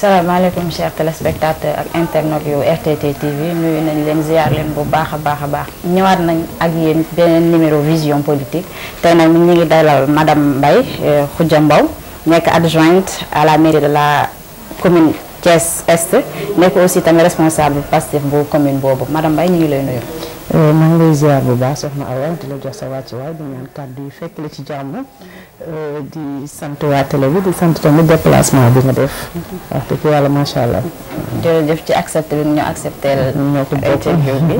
salaamaaleykum chers téléspectateurs ak internautes yu RTT TV nuyu nañ leen ziar leen bu baax a baax a baax ñëwaat nañ ak yéen beneen numéro vision politique tey nag ñu ngi dalal madame Mbaye euh, Khoudia Mbow nekk adjointe à la mairie de la commune Thiès Est nekk aussi tamit responsable Pastef bu commune boobu madame mbay ñu ngi lay nuyu. Euh, maa bu baax soxna Awa di la jox sa wàccuwaay di ñaan kàddu yi fekk la ci jàmm euh, di sant waa télé bi di sant tamit déplacement bi nga def. wax dëgg yàlla macha allah. jërëjëf ci accepté bi ñu accepté ñoo ko interview bi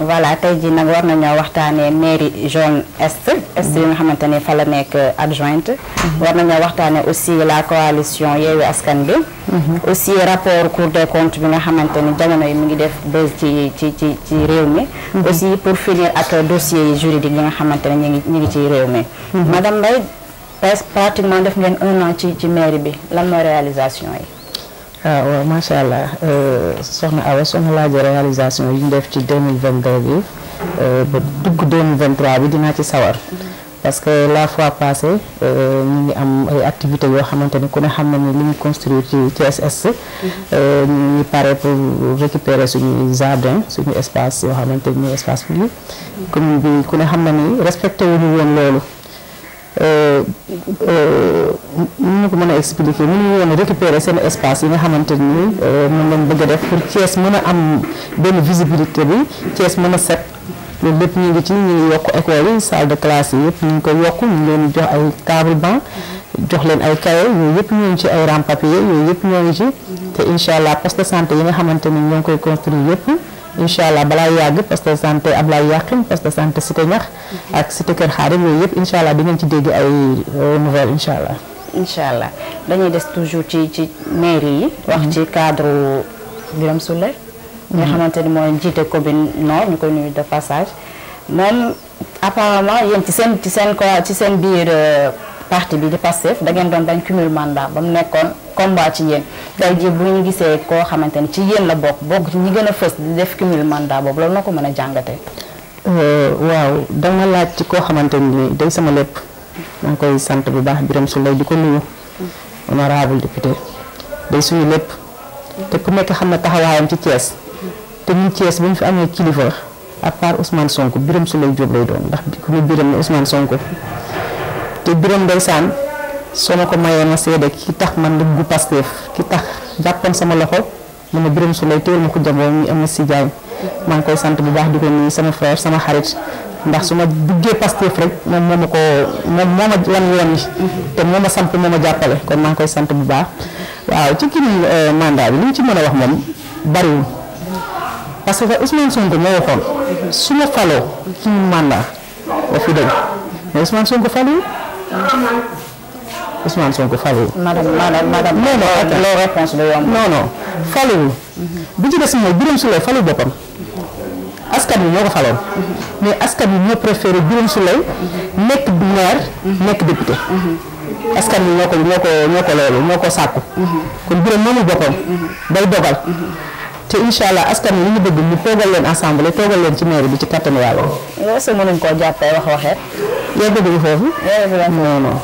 voilà tey jii nag war nañoo waxtaanee mairie zone est est yi nga xamante ne fa la nekk adjointe. Mm-hmm. war nañoo waxtaanee aussi la coalition Yewwi Askan Wi. aussi rapport cour des comptes bi nga xamante ni jamono yi mu ngi def bés ci ci ci ci réew mi. Mhm. aussi pour finir ak dossier juridique yi nga xamante ne ñu ngi ñu ngi ci réew mi. Mhm. madame Mbaye presque pratiquement def ngeen un an ci ci mairie bi lan mooy réalisation yi. ah waaw macha allah euh, soxna Awa soxna laaj réalisation yi ñu def ci 2022 bi euh, ba dugg 2023 bi dinaa ci sawar. Mhm. parce que la fois passée euh, ñu ngi am ay yoo xamante ni ku ne xam na ni li ñu ci TSS. Mhm. Euh, ñu ngi pare pour récupérer suñu jardin suñu espace yoo xamante ni espace public. commune bi ne xam na ni respecté wuñu woon loolu. mën euh, na ko mën a récupérer seen espace yi nga xamante ni mën nañ bëgg a def pour Thiès mën a am benn visibilité bi Thiès mën a set. loolu lépp ñu ngi ci ñu yokk école yi salle de classe yi yëpp ñu ngi ko yokk ñu leen jox ay table banc jox leen ay cahier yooyu yëpp ñoo ngi ci ay rang papier yooyu yëpp ci te incha allah santé yi nga xamante ni ñoo ngi koy construire yëpp incha allah balaa yàgg poste de santé Ablaye Yàqin poste de santé Cité Ñax ak Cité Kër Xaadim yooyu yëpp incha allah di ngeen ci dégg ay euh, nouvelle incha allah incha allah dañuy des toujours ci ci mairie yi wax ci cadre mi nga xamante ni mooy jiite commune nord ñu koy nuyu de passage moom apparemment yéen ci seen ci seen ko ci seen biir euh, parti bi di Pastef da ngeen doon bañ cumul mandat ba mu nekkoon combat ci yéen tey jii bu ñu gisee koo xamante ni ci yéen la bokk bokk ci ñi gën a fës di def cumul mandat boobu loolu noo ko mën a jàngate euh, waaw dama laaj ci koo xamante ni day sama lépp maa koy sant bu baax Birame Souleye di ko nuyu. honorable député day suñu lépp. te ku nekk xam na taxawaayam ci Thiès. te ñun Thiès bu ñu fi amee kilifa à part Ousmane Sonko Birame Souleye Diop lay doon ndax ku ne Birame ne Ousmane Sonko te Birame ndeysaan soo ma ko mayee ma seede ki tax ma nit gu Pastef ki tax jàppoon sama loxo mu ma ko jamono ñu am na si jaay maa ngi koy sant bu baax di ko nuyu sama frère sama xarit. ndax su ma duggee Pastef rek moom moo ma ko moom moo ma wan yoon mm-hmm. te moo ma samp moo ma jàppale kon maa ngi koy sant bu baax waaw ci kii euh, mandat bi li ñu ci mën a wax moom bariwul. parce que Ousmane Sonko moo waxoon su ma faloo ci mandat wax fi dëgg mais Ousmane Sonko falu Ousmane Sonko falu. bu ci des mooy Birame Souleye falu boppam. askan bi ñoo ko faloon. mais askan bi ñoo préféré Birame Souleye nekk maire. nekk député. askan bi ñoo ko ñoo ko ñoo ko loolu ñoo ko sàkku. kon Birame moomul boppam. day dogal. te incha allah askan wi li ñu bëgg ñu toogal leen assemblée toogal leen ci mairie bi ci kattan yàlla. yow est-ce que mënuñ koo jàppee wax waxeet. yow bëgguñu foofu. non non.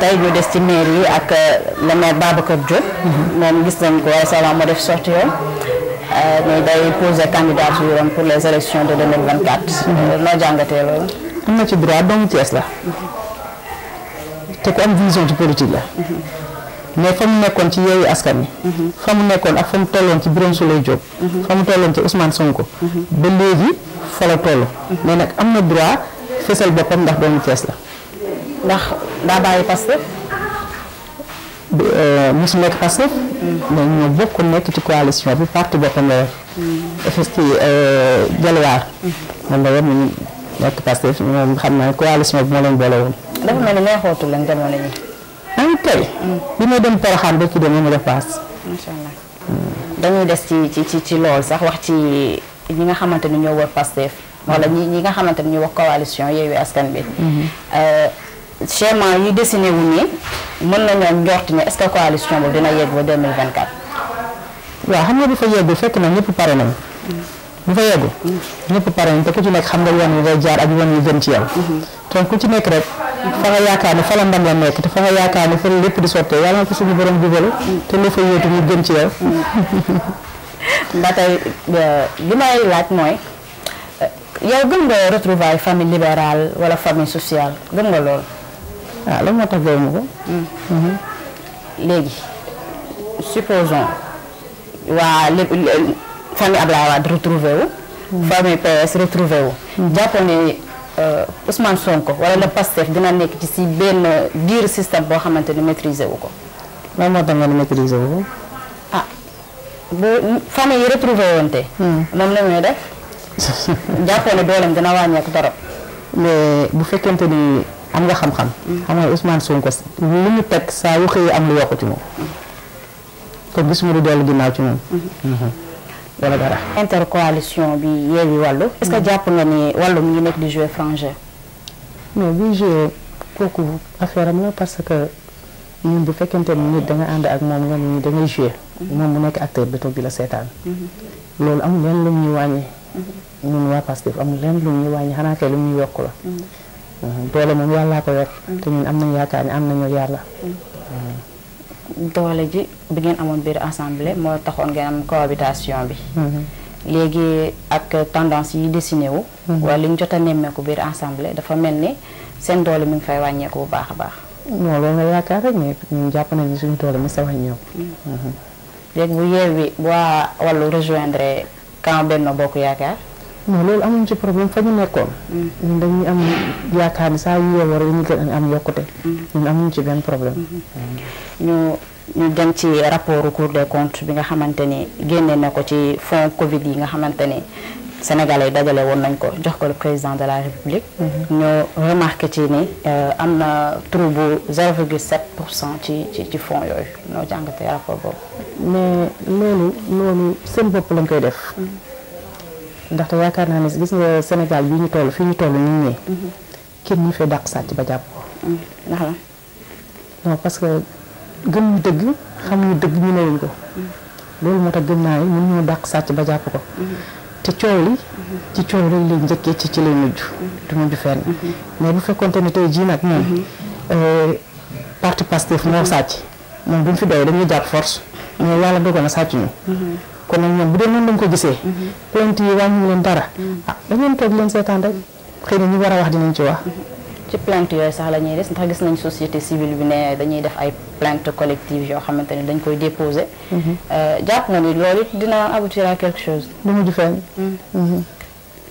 tey ñu des ci mairie yi ak euh, le maire Babacar Diop. Mm-hmm. moom gis nañ ko waaye salaam moo def sorti yoon. Euh, mais day poser candidature pour les élections de 2024. Mm-hmm. Euh, noo jàngatee loolu. am na ci droit doomu Thiès la. Mm-hmm. te ku am vision ci politique la. mais fa mu nekkoon ci yeewu askan wi. Mhm. fa mu nekkoon ak fa mu tolloon ci Birame Souleye Diop. Mhm. fa mu tolloon ci Ousmane Sonko. Mhm. ba léegi fa la toll. mais nag am na droit fësal boppam ndax doomu Cees la. ndax daa bàyyi Pastef. Euh, mosu nekk Pastef. mais ñoo bokk nekk ci coalition bi parti boppam la yor. effectivement euh, Jaliwaar. man la yor ñu nekk Pastef moom xam naa coalition bi moo leen boole woon. dafa mel man may dem Porokhane ba ci demee mu def paas. macha allah dañuy des ci ci ci loolu sax wax ci ñi nga xamante ni ñoo war Pastef wala ñi ñi nga xamante ni ñoo wax coalition Yewwi Askan Wi. Mm-hmm. Euh, schéma yi dessiné wu nii mën nañoo njort ne est-ce que coalition boobu dina yegg ba 2024. waaw xam nga du fa yeggul fekk na ñëpp pare nañu. Mm-hmm. bu fa yeggul. Mm-hmm. ñëpp pare nañu te ku ci nekk xam nga yoon wi ngay jaar ak yoon wi gën ci yow. donc ku ci nekk rek. fa yaakaar ne fa la ndam la nekk te fa nga yaakaar ne fa la lépp di sottee yàlla na ko suñu borom jubal te loo fa yóotu ñu gën ci yow. ba euh, li may laaj mooy euh, yow gëm nga retrouvaille famille libérale wala famille social gëm nga lool. waaw ah, lan moo tax gëm ko. Hmm. Mhm. léegi supposons waa li famille Ablaye Wade retrouvé wu. Hmm. famille PS retrouvé wu. Hmm. jàpp Euh, Ousmane Sonko wala le Pastef dina nekk ci si benn diir système boo xamante ni maîtriser wu ko. lan moo tax nga ne maîtriser wu ko. ah bu hmm. la ñuy def. jàppoo ne dooleem dina wàññeeku dara. mais bu fekkente ni am nga xam-xam. Hmm. xam nga Ousmane Sonko lu ñu teg saa yu xëyee am lu yokku moom. Hmm. kon gisuma du dellu ginnaaw ci moom. wala dara. intercoalition bi Yewwi wàllu. est-ce que mm. jàpp nga ni wàllu mi ngi nekk di jouer franc jeu. non jouer kooku affaire am la parce que ñun bu fekkente ni nit danga ànd ak moom nga ni da ngay jouer. Mm-hmm. moom mu nekk acteur bi toog la seetaan. Mm-hmm. loolu amul lenn lu ñuy wàññi. Mm-hmm. ñun waa Pastef amul lenn lu ñuy wàññi xanaa kay lu ñuy yokk la. doole moom yàllaa ko yor. te ñun am nañu yaakaar ne am nañu yàlla. doole ji bi ngeen amoon biir assemblée moo taxoon ngeen am cohabitation bi. Mhm. léegi ak tendance yi dessiné wu. Mhm. wala li ñu jot a nemmeeku biir assemblée dafa mel ni seen doole mu ngi fay wàññeeku bu baax a baax. moo loolu nga yaakaar rek mais ñun jàpp nañu suñu doole mi sa wàññeeku. Mm. Mhm. léegi bu yeew bi waa wàllu rejoindre camp Benno Bokk Yaakaar. non loolu amuñ ci problème fa ñu nekkoon. Mm. dañuy am yaakaar ni saa yu yeewoo rek dañuy am yokkute. Mm. ñun ci benn problème. Mm-hmm. ñu ñu dem ci rapport Cour des comptes bi nga xamante ni génne ne ko ci fonds Covid yi nga xamante ni Sénégalais yi dajale woon nañ ko jox ko le président de la République. Mm-hmm. ñu remarqué ci ni euh, am na trou bu 0,7 pour cent ci ci ci fonds yooyu noo jàngatee rapport boobu. mais loolu loolu seen bopp lañ koy def. Mm-hmm. ndaxte yaakaar naa ne gis nga Sénégal bi ñu toll fii ñu toll ñu ñëwee. Mhm. kenn ñu fee dàq sàcc ba jàpp ko. Mhm. ndax la non parce que gëm dëgg xam dëgg ñu newuñ ko. Mhm. loolu moo tax dàq sàcc ba jàpp ci coow rek lay ci ci lay mujj. du mujj fenn. mais bu fekkonte jii nag moom. Euh, parti Pastef moo sàcc moom duñ fi doy dañuy jàpp force. mais la dogal na sàcc ñu. kon nag ñoom bu dee noonu lañ ko gisee. Mhm. plainte yi wàññiwu leen dara. Mhm. ah dañ leen toog leen seetaan rek xëy ñu war a wax dinañ ci wax. Mhm. ci plainte yooyu sax la ñuy des ndax gis nañ société civile bi ne dañuy def ay plainte collective yoo xamante ne dañ koy déposé. Euh, jàpp na ni loolu it dina aboutir à quelque chose. du mujj fenn.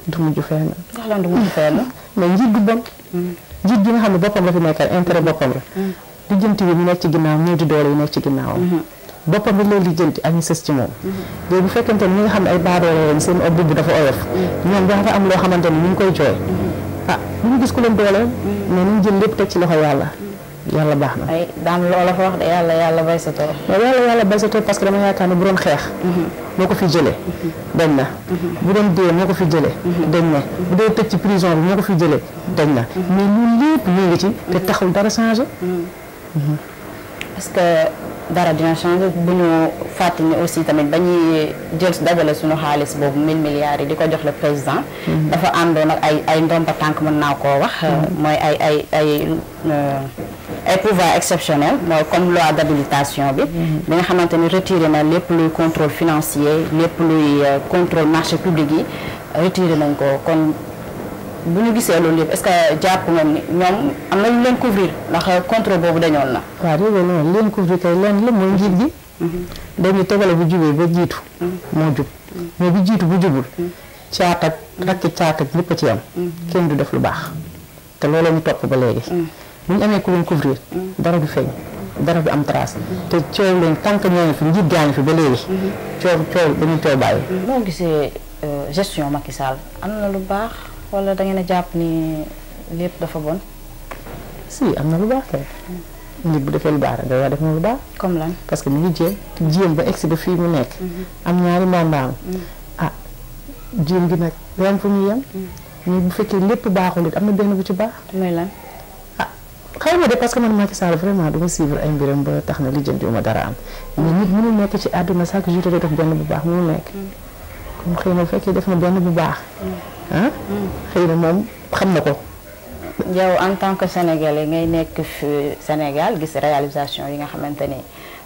du mujj fenn. sax lan du mujj fenn. mais njiit bu bon. njiit gi nga xam ne boppam la fi nekkal intérêt boppam la. lijjanti bi mu nekk ci ginnaaw ñëw di doole yi nekk boppam rek lay lijjanti ak ñu sës ci moom mm-hmm. léegi bu fekkente ni ñi nga xam ne ay baadoole lañ seen ob bu dafa oyof mm-hmm. ñoom dafa am loo xamante ni ñu ngi koy jooy mm-hmm. ah bu ñu gis ku leen dooleel mais ñu jël lépp teg ci loxo yàlla yàlla baax na ay daam loola fa yàlla yàlla bay sa tool mais yàlla yàlla bay sa tool parce que dama yaakaar bu doon xeex moo ko fi jëlee dañ na bu doon dee moo ko fi jëlee dañ na bu dee tëj ci prison bi moo ko fi jëlee dañ na mais ñun lépp ñu ngi ci te taxul dara changé parce dara dina changé bu ñu fàtte ni aussi tamit ba ñuy jël dajale suñu xaalis boobu mille milliards di ko jox le président. Mm-hmm. dafa àndoon nag ay ay ndomba tànk mën naa koo wax. Mm-hmm. mooy ay ay ay ay euh, pouvoir exceptionnel mooy comme loi d'habilitation bi. Mm-hmm. bi nga xamante ni retiré na lépp luy contrôle financier lépp luy euh, contrôle marché public yi retiré nañ ko bu ñu gisee loolu yëpp est-ce que jàpp nga ni ñoom am na lu leen couvrir ndax contrôle boobu dañoon na. waaw déedéet loolu leen couvrir kay lenn la mooy njiit gi. Mm-hmm. dañuy tegale bu jubee ba jiitu. Mm-hmm. moo jub mm-hmm. mais bu jiitu bu jubul. caat ak rakki caat ak lépp a ci am. kenn du def lu baax te loolu ñu topp ba léegi. bu ñu amee ku leen couvrir dara du feeñ. dara du am trace te coow leen tant que ñooñu fi njiit gaañu fi ba léegi. coow coow dañuy coow bàyyi. moo gisee euh, gestion Macky wala da ngeen a jàpp ni lépp dafa bon. si am na lu baax kay. nit bu defee lu baax rek day def na lu baax. comme lan parce que mu ngi jéem jéem ba egsi ba fii mu nekk. Mm-hmm. am ñaari mbaam mm-hmm. ah jéem gi nag ren fu mu yem. Mm-hmm. bu fekkee lépp baaxul it am na benn bu ci baax. mooy lan. ah xaw ma de parce que man Macky Sall vraiment du ma suivre ay mbiram ba tax na lijjantiwuma dara am. mais nit mënul nekk ci àdduna chaque jour da def benn bu baax mënul nekk. comme xëy na bu fekkee def na benn bu baax. ah xëy na moom xam na ko. yow en tant que sénégalais ngay nekk fi Sénégal gis réalisation yi nga xamante ni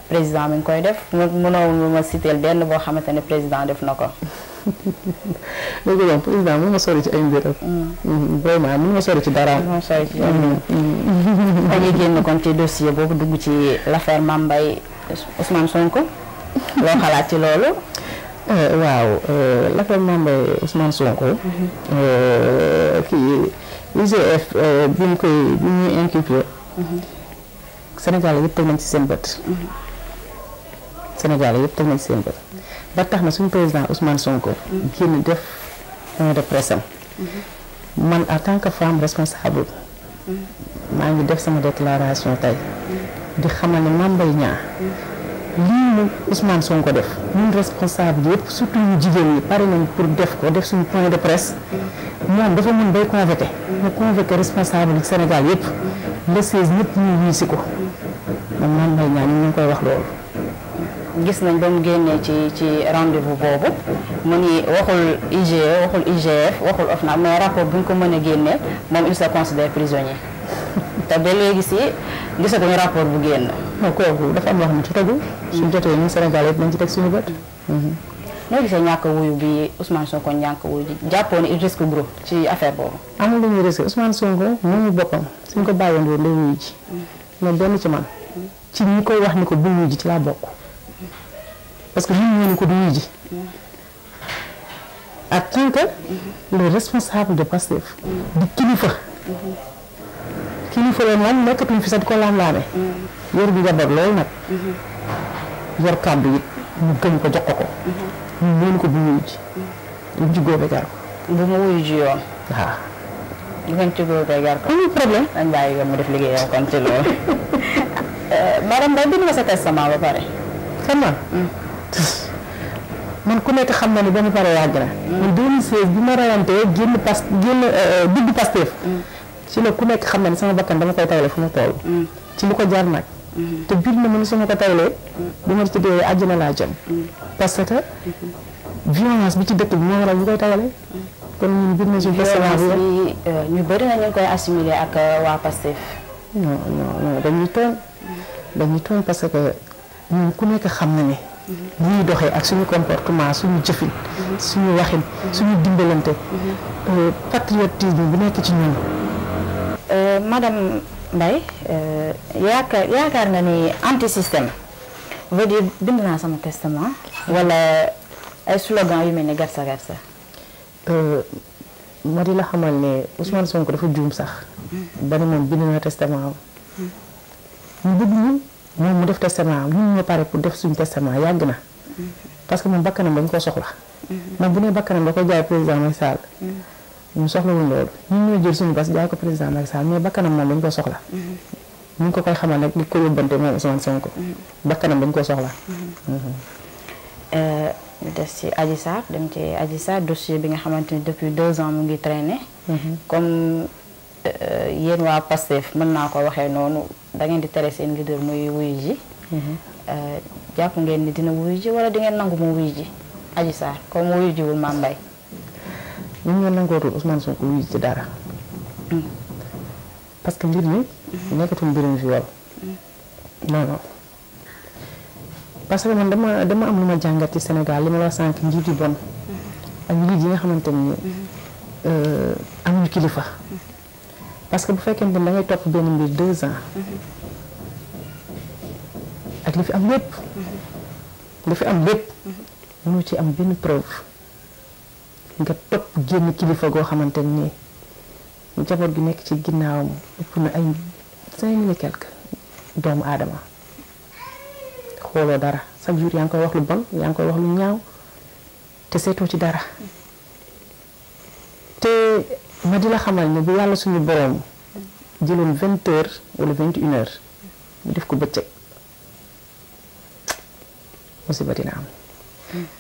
président mi ngi koy def mënoo ma citeel benn boo xamante ne président def na ko. léegi donc président mën nga sori ci ay mbiram. Mm. Mm-hmm. vraiment mën nga sori ci dara. mën nga sori ci dara. Mm-hmm. Mm-hmm. dañuy génn kon ci dossier boobu dugg ci l'affaire Mame Mbaye Ousmane Sonko loo xalaat ci loolu. Eh, waaw l'affaire Mame Mbaye Ousmane Sonko. Mhm. Eh, kii UGF eh, bi ñu koy bi ñuy mhm. teg nañ ci seen bët. Mhm. Sénégal yëpp teg nañ ci seen bët ba tax na suñ président Ousmane Sonko. génn def point de presse am. man en tant que femme responsable. maa ngi def sama déclaration tey. di xamal ne Mame Mbaye Niang lii ñu Ousmane ko def ñun responsable yëpp surtout ñu jigéen ñi pare nañ pour def ko def suñu point de presse moom dafa mën bay convoqué mu convoqué responsable yi Sénégal yëpp le 16 ñëpp ñu wuy si ko moom man may ñaan ñu ngi koy wax loolu gis nañ ba mu génnee ci ci rendez-vous boobu mu ni waxul IGE waxul IGF waxul OFNAC mais rapport bu ñu ko mën a génnee moom il se considère prisonnier te ba léegi si gisaguñu rapport bu génn non kooku dafa am loo xam ne ci tegu. jotee ñun Sénégal yëpp nañ ci teg suñu bët. noo gisee ñàkk wuyu bi Ousmane Sonko ñàkk wuyu ji jàppoo ne il risque gros ci affaire boobu. amul lu ñuy risque Ousmane Sonko moomu suñ ko bàyyoon woon day wuyu ji. loolu benn ci man. ci ñi koy wax ni ko wuyu ji ci laa bokk. parce que ko du wuyu ji. en tant que le responsable de Pastef. di kilifa. kilifa la moom nekkatuñ fi sax di ko laam-laamee. yor bi jabar loolu nag mhm. yor kàddu it mu gëm ko jox ko ko ñun ko bu ñu ci lu ci góobe jar ko bu mu wuyu ji yoon waaw ko eh, mm. man ku nekk xam na ni ba mu pare yàgg na mm. man 2016 bi ma rayantee génn pas génn eh, dugg Pastef mm. ci la ku nekk xam na ni sama bakkan dama koy tawale fu ma toll ci lu ko jar nag te biir na man su ma ko taylee mm. bu ma ci dee àjjana laa jëm mm. parce que mm-hmm. violence bi ci dëkk bi moo waral ñu koy tayalee mm. kon ñun biir na ci violence yi euh, ñu bëri nañu koy assimiler ak euh, waa Pastef non non dañuy tooñ dañuy tooñ parce que ñun ku nekk xam na ne mm-hmm. ñuy doxee ak suñu comportement suñu jëfin mm-hmm. suñu waxin suñu dimbalante euh, patriotisme bu nekk ci ñun nday euh, yaakaar yaakaar nga ni anti système veut dire bind naa sama testament wala ay slogan yu mel ni ne garsa garsa euh, ma di la xamal ne Ousmane Sonko dafa juum sax ba hmm. ne moom bind na testament am hmm. ñu moom mu def testament am ñun ñoo pare pour def suñu testament yàgg na hmm. parce que moom bakkanam dañ ko soxla moom bu ne bakkanam da koy jaay président Macky Sall ñoom soxlawuñ loolu ñun ñoo jël suñu bas jaay ko président Macky Sall mais bakkanam moom dañ ko soxla mm-hmm. ñu ngi ko koy xamal rek li ko yóbbante mooy Ousmane mm-hmm. ko soxla mm-hmm. Euh, ñu des ci Adji dem ci Adji Sarr bi nga xamante ni depuis deux ans mu ngi traîner comme euh, yéen waa Pastef mën naa ko waxee noonu da ngeen di tere seen leader muy wuyu ji euh, jàpp ngeen ni dina wuyu ji wala di ngeen nangu mu wuyu ji Adji Sarr comme wuyu jiwul Mame Mbaye ñoom ñoo nangootul Ousmane Sonko wuyu ci dara parce que mbir mi nekkatul mbirum viol non non parce que man dama dama am lu ma jàngat ci Sénégal li ma wax sànq njiit ak njiit yi nga xamante ni euh, amuñu kilifa parce que bu fekkente ni da ngay topp benn mbir deux ans ak li fi am lépp li fi am lépp mënu ci am benn preuve nga topp génn kilifa goo xamante ni njaboot gi nekk ci ginnaawam ëpp na ay cinq mille quelque doomu aadama xooloo dara chaque jour yaa ngi koy wax lu bon yaa ngi koy wax lu ñaaw te seetoo ci dara te ma di la xamal ne bu yàlla suñu borom jëloon vingt heures wala vingt une heures mu def ko bëccëg musiba dina am.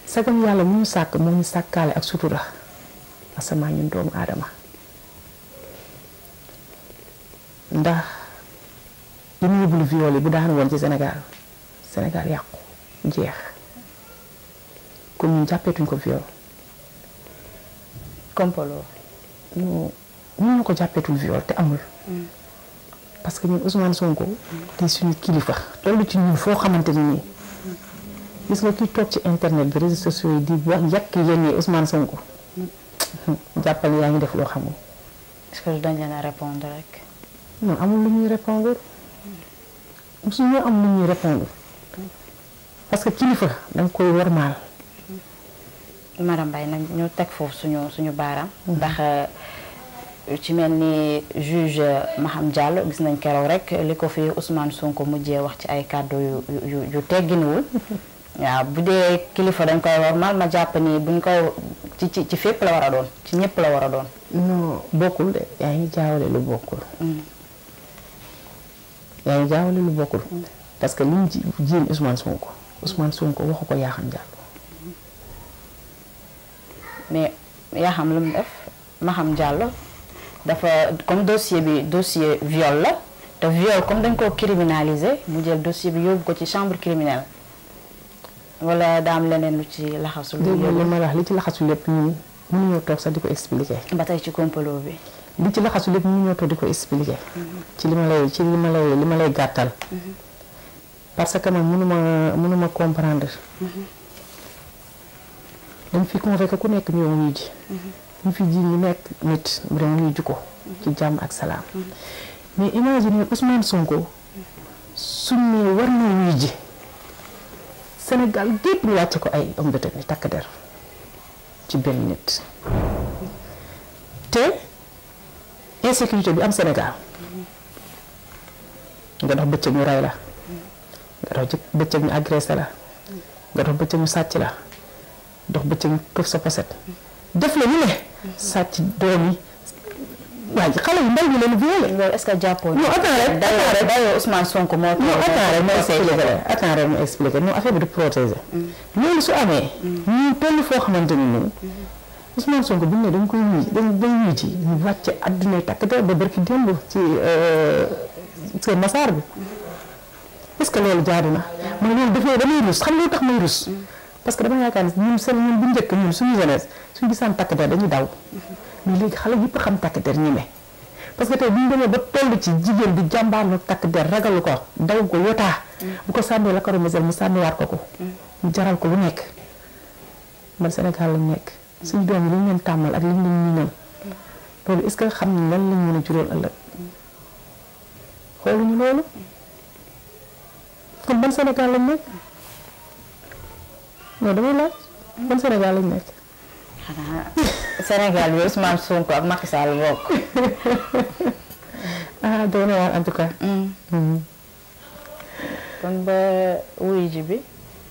sagam yàlla mu ñu sàkk moo ñu sàkkaale ak sutura asamaa ñun doomu aadama ndax immeuble viol yi bu daan woon ci Sénégal Sénégal yàqu jeex kon ñun jàppeetuñ ko viol kompolo ñu ñun ñu ko jàppeetul viol te amul mm. parce ñun Ousmane Sonko te mm. suñu kilifa tollu ci ñun foo xamante nii gis nga kii toog ci internet bi réseaux sociaux yi di wax yàq yéen yi Ousmane Sonko yaa ngi def loo xamul. est-ce que dañ leen a répondre rek. non amul lu ñuy répondre suñu am lu ñuy répondre parce que kilifa da nga koy warmaal. madame Mbaye nag ñu teg foofu suñu suñu baaraam. Mhm. ndax euh, ci mel ni juge euh, Maham jàll gis nañ keroog rek li ko fi Ousmane mu jee wax ci ay kàddu yu yu yu tegginuwul. waaw bu dee kilifa dañ koy warmal ma jàpp ni buñ koy ci ci ci fépp la war a doon ci ñëpp la war a doon. non bokkul de yaa ngi jaawale lu bokkul. Mm. yaa ngi bokkul. Mm. parce que li mu ji jiim Ousmane Sonko Ousmane waxu ko Yakham Diallo. mais Yakham lu mu def dafa comme dossier bi dossier viol la te viol comme dañ koo criminaliser mu jël dossier bi yóbbu ko ci chambre criminelle. wala daam leneen lu ci laxasu. li ma wax li ci laxasu lépp ñun mënuñoo toog sax di ko expliquer. ba tey ci complot bi. li ci laxasu lépp mënuñoo toog di ko expliquer. ci li ma lay ci li ma lay ma lay gàttal. parce que man mënuma mënuma comprendre. dañ fi convoqué ku nekk ñoom ñu ji. ñu fi ji ñu nekk nit vraiment ñu ji ko. ci jàmm ak salaam. mais imagine Ousmane Sonko. suñ ne war na ñu ji. Sénégal gépp ñu wàcc ko ay homme de tenue takk der ci benn nit te insécurité bi am Sénégal nga dox bëccëg ñu rey la nga dox bëccëg ñu agressé la nga dox bëccëg ñu sàcc la dox bëccëg ñu pëf sa poset def la ñu ne sàcc doom yi waa ji xale bu ndaw bi leen violé. loolu est-ce que jàppoo non attends rek attends rek dayoo moo. non ma expliqué la attends rek ma expliqué non affaire bi du protéger. Mm. loolu su amee. Mm. ñu toll foo xamante ne nii. Mm. Ousmane Sonko bu ñu nee dañ koy wuy dañ koy wuy ji ñu wàcc àddina takk der ba barki démb ci euh, seen masaar bi est que loolu jaadu na mooy loolu dafay damay rus xam nga tax may rus. parce que dama yaakaar ne ñun seen ñun bu njëkk ñun suñu jeunesse suñu gisaan takk der dañuy daw mais léegi xale yëpp xam takk der ñi parce que te bu ñu demee ba toll ci jigéen bi jàmbaarlu takk der ragalu ko daw ko yotaa bu ko sànnee la ko remisel mu sànniwaat ko ko mu jaral ko lu nekk man Sénégal lañ nekk suñu doom yi li ñu tàmmal ak li ñu leen ñuñal loolu est ce que xam ne lan lañ mën a juróol ëllëg xooluñu loolu kon ban Sénégal lañ nekk non damay laaj. kon Sénégal lañ nekk. Sénégal bi Ousmane Sonko ak Macky Sall bokk. ah doy na en tout cas. Mm. Mm-hmm. kon ba wuyu ji bi.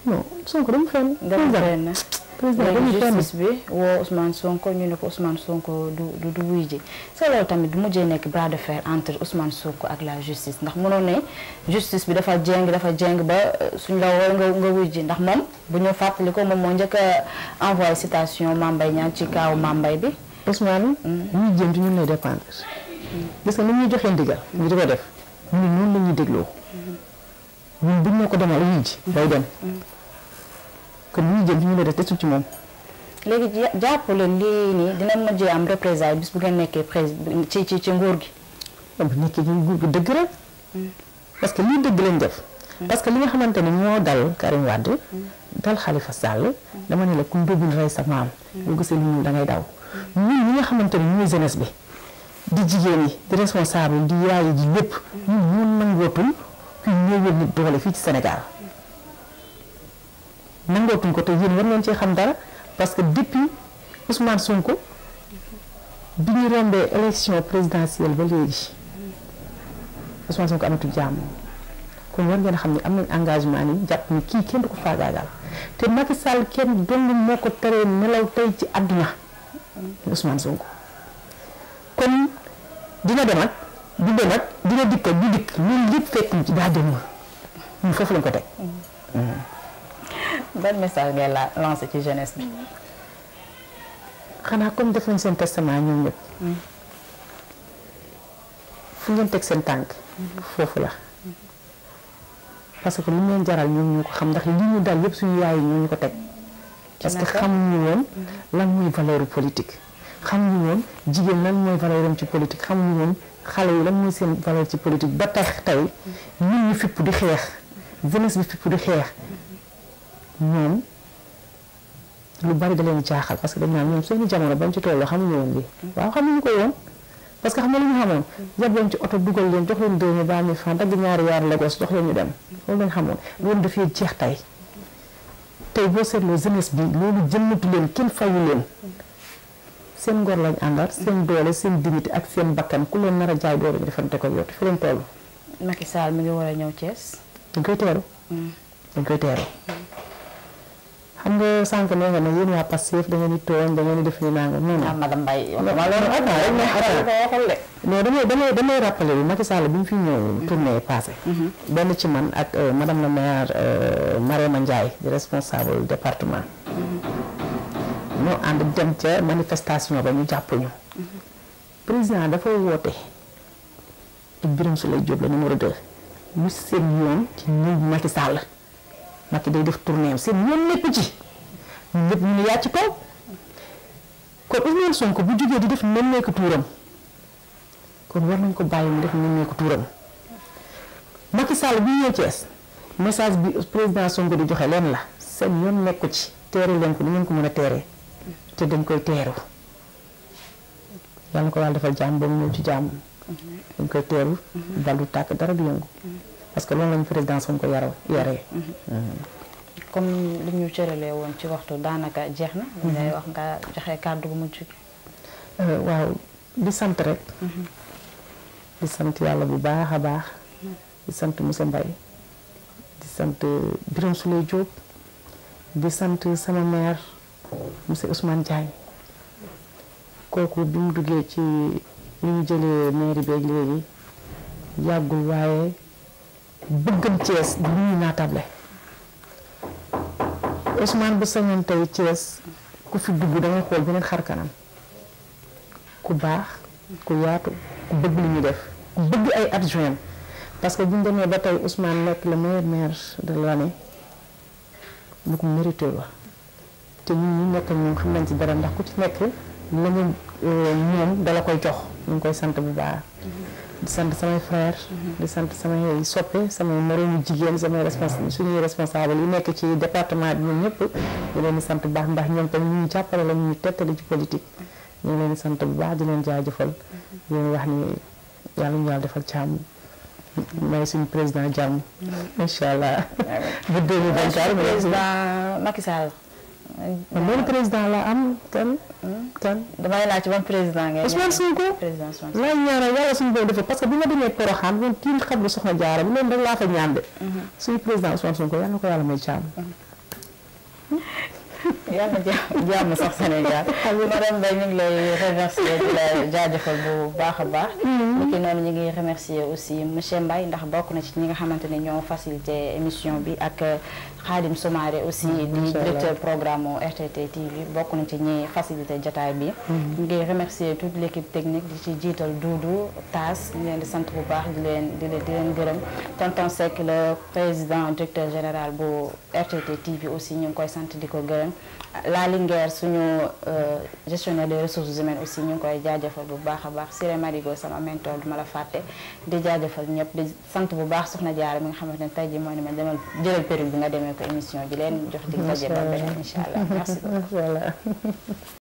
non Sonko dama fenn. dama fenn. bi woo Ousmane Sonko ñu ne ko Ousmane Sonko du du wuy ji sa tamit du mujjee nekk bras de fer entre Ousmane Sonko ak la justice ndax mënoon ne justice bi dafa jéng dafa jéng ba euh, suñ la woo nga nga wuy ji ndax moom bu ñu fàttali ko moom moo njëkk a envoyé citation Mame Mbaye ci kaaw mambay bi Ousmane mm. ñuy jéem ci ñun lay dépendre parce que ni ñuy joxee ndigal ñu di ko def ñu ne noonu dégloo mm-hmm. buñ ne ko demal wuy ji day dem mm-hmm. que lu ñuy jël li ñu la def te ci moom. léegi jàpp la lii nii dina mujjee am représailles bis bu ngeen nekkee président ci ci gi. waaw bu nekkee ci nguur gi dëgg rek. Mm. parce que lii dëgg lañ def. Mm. parce que li nga xamante ne moo dal Karim Wade. Mm. dal Khalifa Sall. dama ne la ku ndóobul rey sa maam. boo gisee lu ñuul da ngay daw. ñun ñi nga xamante ne ñooy jeunesse bi. di jigéen yi di responsable di yaay ji lépp. ñun ñoo nangootul kuy nit doole fii ci Sénégal. nangootuñ ko te yéen war ngeen cee xam dara parce que depuis Ousmane Sonko bi ñu rombee élection présidentielle ba léegi Ousmane Sonko amatul jàmm kon war ngeen xam ne am nañ engagement ni jàpp ni kii kenn du ko faagaagal te Macky Sall kenn dong moo ko teree nelaw tey ci àdduna Ousmane Sonko kon dina dem ak du dem ak dina dikk ak dikk ñun lépp fekk ci daa demoon ñun foofu lañ ko teg. ban message ngay la lancé ci jeunesse bi. xanaa comme def nañ seen testament ñoom ñëpp. Mm. fu ngeen teg seen tànk. foofu la. parce que lu ñu jaral ñoom ñu ko xam ndax li ñu dal yëpp suñu yaay yi ñoo ñu ko teg. parce que xamuñu woon mm. lan mooy valeur politique. xamuñu woon jigéen lan mooy valeur am ci politique xamuñu woon xale yi lan mooy seen valeur ci politique ba tax tey ñun mm. ñu fipp di xeex jeunesse bi fipp di xeex. ñoom lu bari da leen jaaxal parce que dañ naan ñoom seeni jamono bañ ci tolloo xamuñu woon lii mm. waaw xamuñu ko woon parce que xam nga lu ñu xamoon mm. jàpp leen ci oto dugal leen jox leen deux mille vingt mille francs dagg ñaari yaar Lagos jox leen ñu dem loolu lañ xamoon loolu dafay jeex tey tey boo seetloo jeunesse bi loolu jëmmatu leen kenn fayu leen seen ngor lañ àndal seen doole seen dignité ak seen bakkan ku leen nar a jaay doole ñu defante ko yow fi leen toll. Macky Sall mi ngi war a ñëw Thiès. dañ koy teeru. Mm. dañ koy teeru. xam nga sànq nee nga ne yéen waa Pastef da ngeen di tooñ da def nii naa nga noonu. damay damay bi Macky bi mu fi ñëw tournée mhm. passé mhm. benn ci man ak euh, madame la maire euh, Marema Ndiaye di responsable département mhm. ñoo ànd dem ca manifestation ba ñu jàpp ñu président dafa woote Birame Souleye Diop la numéro 2 mu seen yoon ci ñëw Macky Macky day def tournée seen yoon nekk ci ñëpp ñu ne yaa ci kaw kon Ousmane Sonko bu jógee di def nemmeeku tuuram kon war nañ ko bàyyi mu def nemmeeku tuuram Macky Sall bu ñëwee Thiès message bi président Sonko di joxe leen la seen yoon nekku ci teere leen ko ni ko mën a teeree te dañ koy teeru yàlla ko yàlla defal jàmm ba mu ñëw ci jàmm dañ koy teeru bal du tàkk dara du yëngu parce que loolu lañ président Sonko yar yaree comme li ñu cëralee woon ci waxtu daanaka jeex na ñu mhm. lay wax nga joxe kàddu gu mujj euh, waaw di sant rek mhm. di sant yàlla bu baax a baax mhm. di sant Moussa Mbaye di sant Birame Souleye Diop di sant sama maire monsieur Ousmane Diagne kooku bi mu duggee ci li ñu jëlee mairie beeg léegi yàggul waaye bëggam Thiès lu ñuy naatable Ousmane bu sañoon tey Thiès ku fi dugg dangay xool beneen xar kanam ku baax ku yaatu ku bëgg li ñu def ku bëgg ay adjoint parce que bu ñu demee ba tey Ousmane nekk le meilleur maire de l'année lu ko mérité la te ñun ñu nekk ñoom xam nañ ci dara ndax ku ci nekk la ñu euh, dala koy jox ñu ngi koy sant bu baax di sant samay frère di sant samay soppe samay moroomu jigéen samay responsable suñuy responsable yu nekk ci département bi ñoom ñu leen sant bu baax ndax ñoom tamit ñu jàppale la ñu tettali ci politique ñu leen sant bu baax di leen jaajëfal di leen wax ni yàlla ñu yàlla defal càmm may suñu président jàmm mm-hmm. incha allah bu 2024 président Macky Sall ban président la am kan. Hmm? kan damay laaj ban président ngay. Ousmane Sonko président Sonko laay ñaanal yàlla suñu boobu defee parce que bi ma demee Porokhane moom kii xam bi loolu rek laa fa ñaan de. Hmm. suñu président Ousmane Sonko ko yàlla may càmm. Hmm. yàlla jàmm sax Sénégal madame Mbaye ñu ngi lay remercier di la jaajëfal bu baax a baax ni ki noonu ñu ngi remercier aussi monsieur Mbaye ndax bokk na ci ñi nga xamante ne ñoo facilité émission bi ak Khadim Soumaré aussi ah, di directeur programme au RTT TV bokk na ci ñi facilité jataay bi mm-hmm. ñu ngi remercier tout l' équipe technique di ci jiital Doudou Tass ñu leen di sant bu baax di leen di leen gërëm tonton Seck le président directeur général bu RTT TV aussi ñu ngi koy sant di ko gërëm la Linguère suñu euh, gestionnaire de ressources humaines aussi ñu ngi koy jaajëfal bu baax a baax Siré Marigo sama mentor du ma la fàtte di jaajëfal ñëpp di sant bu baax soxna Diarra mi nga xamante ne tey jii moo ne ma demal jëlal période bi nga demee ko émission ji leen jox dig daje ba beneen incha allah merci beaucoup